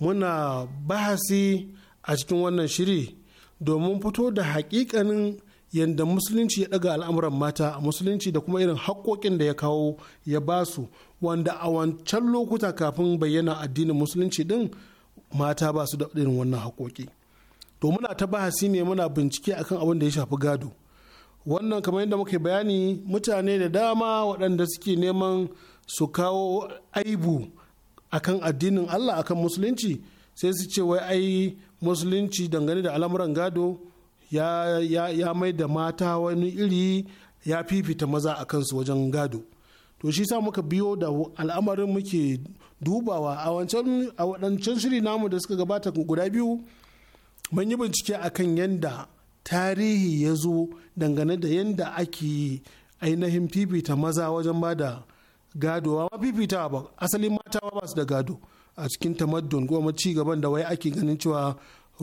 Speaker 10: muna bahasi a cikin wannan shiri domin fito da haƙiƙanin yadda musulunci ya ɗaga al'amuran mata a musulunci da kuma irin haƙƙoƙin da ya kawo ya ba su wanda a wancan lokuta kafin bayyana addinin musulunci ɗin mata ba su da irin wannan haƙƙoƙi to muna ta bahasi ne muna bincike akan abin da ya shafi gado wannan kamar yadda muke bayani mutane da dama waɗanda suke neman su kawo aibu akan addinin Allah akan musulunci sai su ce wai ai musulunci dangane da al'amuran gado ya, ya, ya mai da mata wani iri ya fifita maza a kansu wajen gado to shi sa muka biyo da al'amarin muke dubawa a wancan shiri namu da suka gabata guda biyu mun yi bincike akan yadda tarihi ya zo dangane da yadda ake ainihin fifita maza wajen ba da gado ma fifita ba asalin mata ba su da gado a cikin tamaddon goma ci gaban da wai ake ganin cewa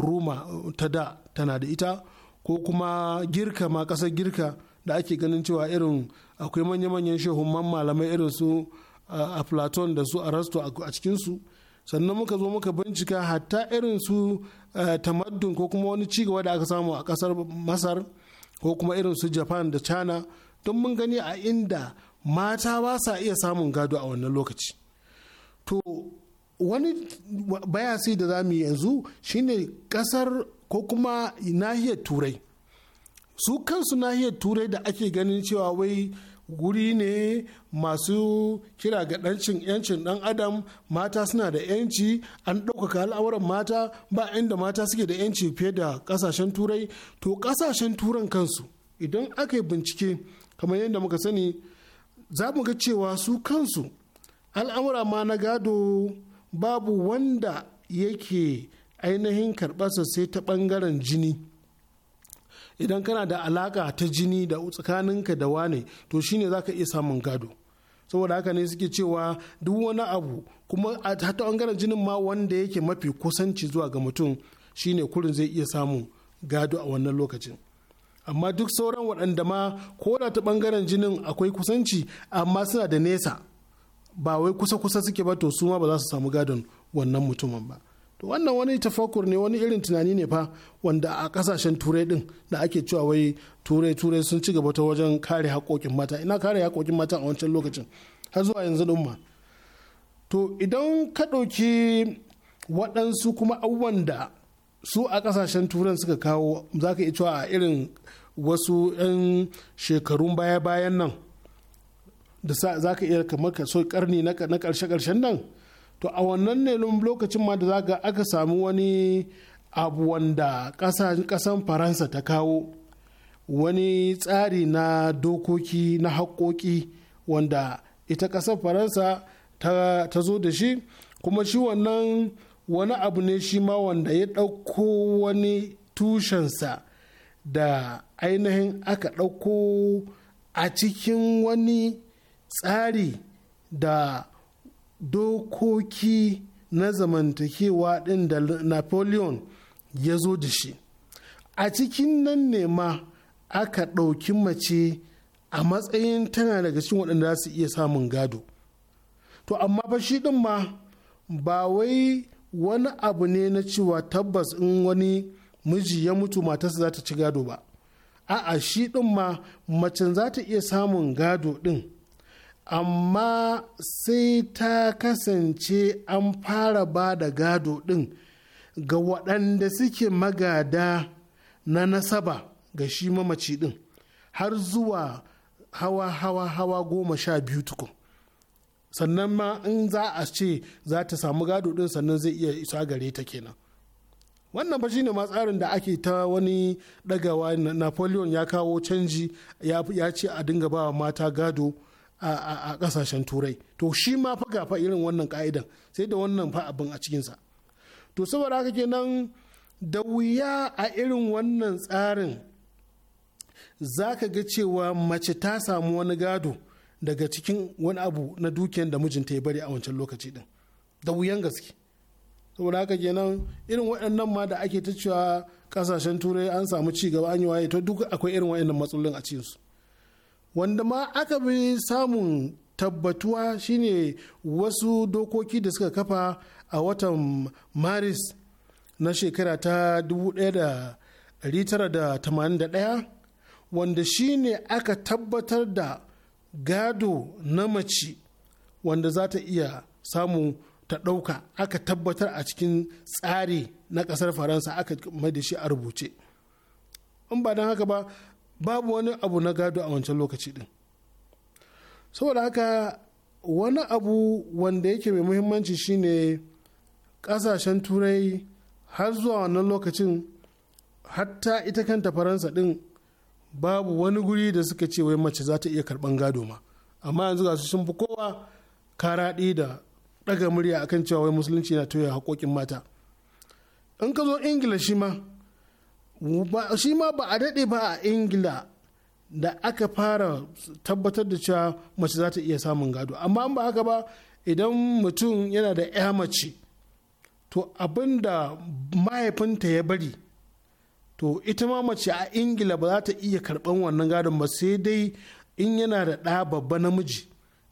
Speaker 10: roma uh, ta da tana da ita ko kuma girka ma kasar girka da ake ganin cewa irin akwai manya-manyan shehumman malamai irin su uh, a platon da su arasto a cikinsu sannan muka zo muka bincika hatta irin su eh, tamaddun ko kuma wani cigaba da aka samu a kasar masar ko kuma irin su japan da china don mun gani a inda mata ba sa iya samun gado a wannan lokaci to wani bayasi da za mu yi yanzu shine kasar ko kuma nahiyar turai su kansu nahiyar turai da ake ganin cewa wai guri ne masu kira ga ɗancin yancin ɗan adam mata suna da yanci an ɗaukaka al'amuran mata ba inda mata suke da yanci fiye da ƙasashen turai to ƙasashen turan kansu idan aka yi bincike kamar yadda muka sani za mu ga cewa su kansu al'amura ma na gado babu wanda yake ainihin karɓarsa sai ta ɓangaren jini idan kana da alaka ta jini da tsakaninka da wane to shine za ka iya samun gado saboda haka ne suke cewa duk wani abu kuma hatta bangaren jinin ma wanda yake mafi kusanci zuwa ga mutum shine kurin zai iya samun gado a wannan lokacin amma duk sauran waɗanda ma ko da ta bangaren jinin akwai kusanci amma suna da nesa ba wai kusa-kusa suke ba to su ma ba za su samu gadon wannan mutumin ba to wannan wani tafakur ne wani irin tunani ne fa wanda a kasashen turai din da ake cewa wai turai turai sun ci gaba ta wajen kare haƙoƙin mata ina kare haƙoƙin mata a wancan lokacin har zuwa yanzu din ma to idan ka ɗauki waɗansu kuma abubuwan da su a kasashen turai suka kawo za ka iya cewa a irin wasu 'yan shekarun baya-bayan nan da za ka iya kamar ka so karni na ƙarshe-ƙarshen nan to a wannan ne lokacin ma da za ga aka samu wani abu wanda kasan faransa ta kawo wani tsari na dokoki na haƙoƙi wanda ita ƙasar faransa ta zo da shi kuma shi wannan wani abu ne shi ma wanda ya ɗauko wani tushensa da ainihin aka ɗauko a cikin wani tsari da dokoki na zamantakewa ɗin da napoleon ya zo da shi a cikin nan ne ma aka ɗauki mace a matsayin tana daga cikin waɗanda za su iya samun gado to amma fa shi ɗin ma ba wai wani abu ne na cewa tabbas in wani miji ya mutu matarsa za ta ci gado ba a'a shi ɗin ma macen za ta iya samun gado ɗin amma sai ta kasance an fara ba da gado ɗin ga waɗanda suke magada na nasaba ga shi mamaci ɗin har zuwa hawa hawa hawa goma sha biyu tukun sannan ma in za a ce za ta samu gado ɗin sannan zai iya isa gare ta kenan wannan ba shine ma tsarin da ake ta wani ɗagawa napoleon ya kawo canji ya ce a dinga ba mata gado a kasashen turai to shi ma fa gafa irin wannan ka'idan sai da wannan fa abin a cikinsa to saboda haka kenan da wuya a irin wannan tsarin za ka ga cewa mace ta samu wani gado daga cikin wani abu na dukiyar da mijinta ya bari a wancan lokaci din da wuyan gaske saboda haka kenan irin waɗannan ma da ake ta cewa ƙasashen turai an samu ci gaba an yi waye to duk akwai irin waɗannan matsalolin a cikinsu wanda ma aka bi samun tabbatuwa shine wasu dokoki da suka kafa a watan maris na shekara ta 1981 wanda shine aka tabbatar da gado na mace wanda za ta iya samu ta ɗauka aka tabbatar a cikin tsari na ƙasar faransa aka mai da shi a rubuce in ba don haka ba babu wani abu na gado a wancan lokaci din saboda haka wani abu wanda yake mai muhimmanci shine kasashen turai har zuwa wannan lokacin hatta ita kanta faransa din babu wani guri da suka ce wai mace za ta iya karban gado ma amma yanzu ga su sun fi kowa karaɗi da ɗaga murya akan cewa wai musulunci na toya haƙoƙin mata in ka zo ingila shi ma shi ma ba a daɗe ba a ingila da aka fara tabbatar da cewa mace za ta iya samun gado amma ba haka ba idan mutum yana da 'ya mace to abin da mahaifinta ya bari to ita ma mace a ingila ba za ta iya karɓan wannan gadon ba sai dai in yana da ɗa babba namiji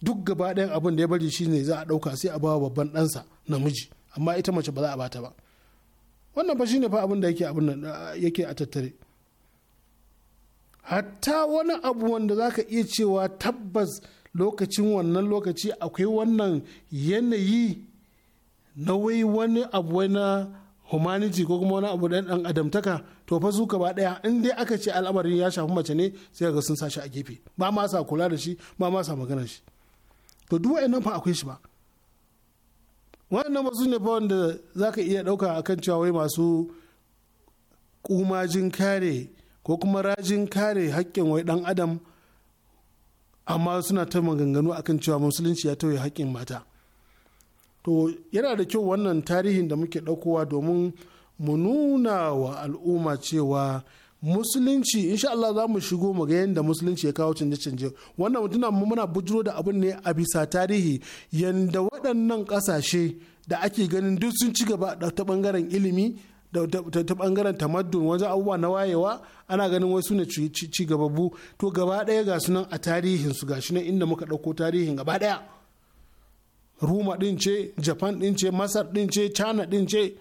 Speaker 10: duk gaba ɗayan abin da ya bari shine za a ɗauka sai a bawa babban ɗansa namiji amma ita mace ba za a bata ba wannan ba shine fa abin da yake abin yake a tattare hatta wani abu wanda zaka iya cewa tabbas lokacin wannan lokaci akwai wannan yanayi na wai wani abu na humanity ko kuma wani abu dan dan adamtaka to fa su gaba daya in dai aka ce al'amarin ya shafi mace ne sai ga sun sashi a gefe ba ma sa kula da shi ba ma sa magana shi to duk wa'annan fa akwai shi ba wannan ba su ne ba wanda za ka iya ɗauka kan cewa wai masu kumajin kare ko kuma rajin kare haƙƙin wai ɗan adam amma suna ta maganganu kan cewa musulunci ya tauye haƙƙin mata to yana da kyau wannan tarihin da muke ɗaukowa domin mu nuna wa al'umma cewa musulunci insha Allah za mu shigo mu ga yadda musulunci ya kawo canje-canje wannan mutuna muna bujiro da abin ne a bisa tarihi yadda waɗannan ƙasashe da ake ganin duk sun ci gaba ta ɓangaren ilimi da ta ɓangaren tamaddun wajen abubuwa na wayewa ana ganin wasu ne ci gababu to gaba ɗaya ga sunan a tarihin su ga shi nan inda muka ɗauko tarihin gaba ɗaya ruma ɗin ce japan ɗin ce masar ɗin ce china ɗin ce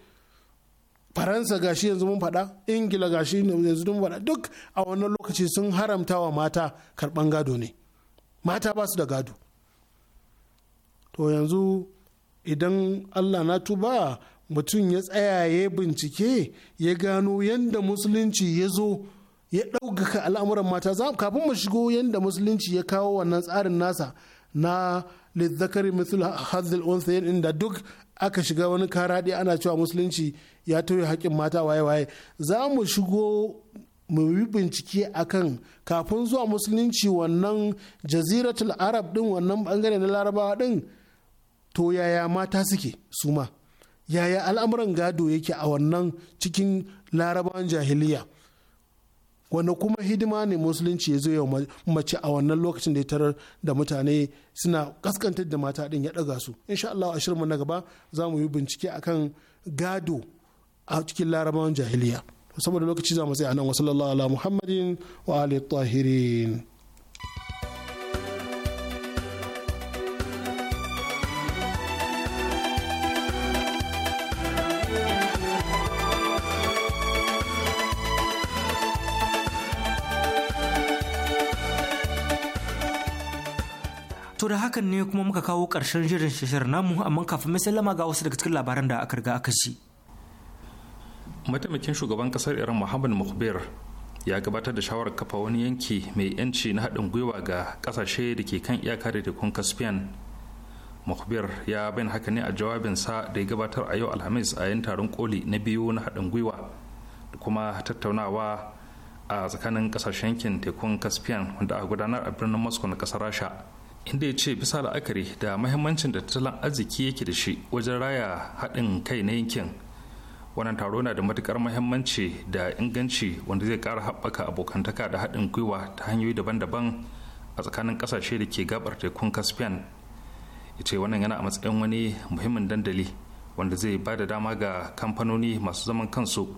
Speaker 10: faransa gashi yanzu mun faɗa ingila gashi yanzu mun faɗa duk a wannan lokaci sun haramta wa mata karban gado ne mata ba su da gado to yanzu idan allah na tuba mutum ya tsaya ya bincike ya gano yadda musulunci ya zo ya ɗaukaka al'amuran mata kafin mu shigo yadda musulunci ya kawo wannan tsarin nasa na lizzakari mithlu hadhil unsayin inda duk aka shiga wani karaɗe ana cewa musulunci ya toye haƙƙin mata waye-waye za mu shigo mu yi bincike akan kafin zuwa musulunci wannan jaziratul arab din wannan bangare na larabawa din to yaya mata suke suma yaya al'amuran gado yake a wannan cikin larabawan jahiliya wanda kuma hidima ne musulunci ya zo yau mace a wannan lokacin da ya tarar da mutane suna kaskantar da mata din ya daga su insha Allah a shirinmu na gaba za mu yi bincike a kan gado a cikin larabawan jahiliya saboda lokaci za mu a nan wasu lallawa ala muhammadin wa alayhi tahirin
Speaker 1: hakan ne kuma muka kawo ƙarshen shirin shashar namu amma kafin mai sallama ga wasu daga cikin labaran da aka riga aka ji. Mataimakin shugaban kasar Iran Muhammad Mukhbir
Speaker 4: ya gabatar da shawarar kafa wani yanki mai yanci na haɗin gwiwa ga ƙasashe da ke kan iyaka da tekun Caspian. Mukhbir ya bayyana haka ne a jawabinsa da ya gabatar a yau Alhamis a yan taron koli na biyu na haɗin gwiwa da kuma tattaunawa a tsakanin ƙasashen yankin tekun Caspian wanda a gudanar a birnin Moscow na ƙasar Rasha. inda ya ce bisa la'akari da mahimmancin da tattalin arziki yake da shi wajen raya haɗin kai na yankin wannan taro na da matukar mahimmanci da inganci wanda zai ƙara haɓaka abokantaka da haɗin gwiwa ta hanyoyi daban-daban a tsakanin ƙasashe da ke gabar tekun caspian ya ce wannan yana a matsayin wani muhimmin dandali wanda zai ba da dama ga kamfanoni masu zaman kansu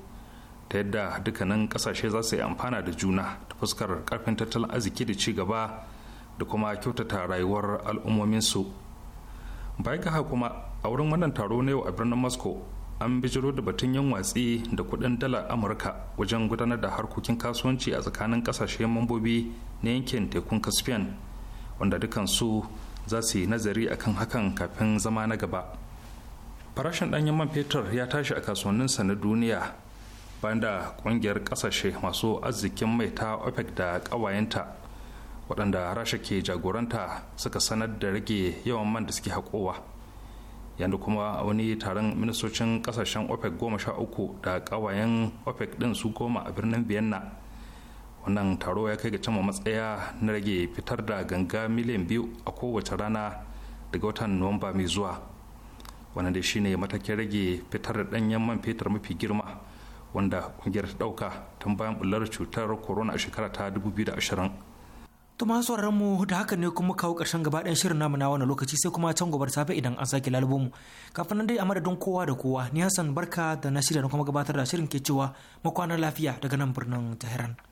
Speaker 4: ta yadda dukkanin ƙasashe za su yi amfana da juna ta fuskar ƙarfin tattalin arziki da ci gaba da kuma kyautata rayuwar al'ummominsu bai ga kuma a wurin wannan taro na yau a birnin moscow an bijiro da batun yan watsi da kudin dala amurka wajen gudanar da harkokin kasuwanci a tsakanin kasashe mambobi na yankin tekun caspian wanda su za su yi nazari akan hakan kafin zama na gaba farashin ɗanyen man fetur ya tashi a kasuwanninsa na duniya bayan da ƙungiyar ƙasashe masu arzikin mai ta opec da ƙawayenta waɗanda rasha ke jagoranta suka sanar da rage yawan man da suke haƙowa yanzu kuma wani taron ministocin ƙasashen opec goma sha uku da ƙawayen opec ɗin su goma a birnin vienna wannan taro ya kai ga cimma matsaya na rage fitar da ganga miliyan biyu a kowace rana daga watan nuwamba mai zuwa wannan dai shine matakin rage fitar da ɗanyen man fetur mafi girma wanda ƙungiyar ta ɗauka tun bayan bullar cutar corona a shekara ta 2020
Speaker 1: To masu mu da haka ne kuma kawo ƙarshen gaba ɗayan shirin namu na wannan lokaci sai kuma can gobar safe idan an sake lalubo mu. Kafin nan dai a madadin kowa da kowa ni Hassan barka da na shirya kuma gabatar da shirin ke cewa makwanar lafiya daga nan birnin Tehran.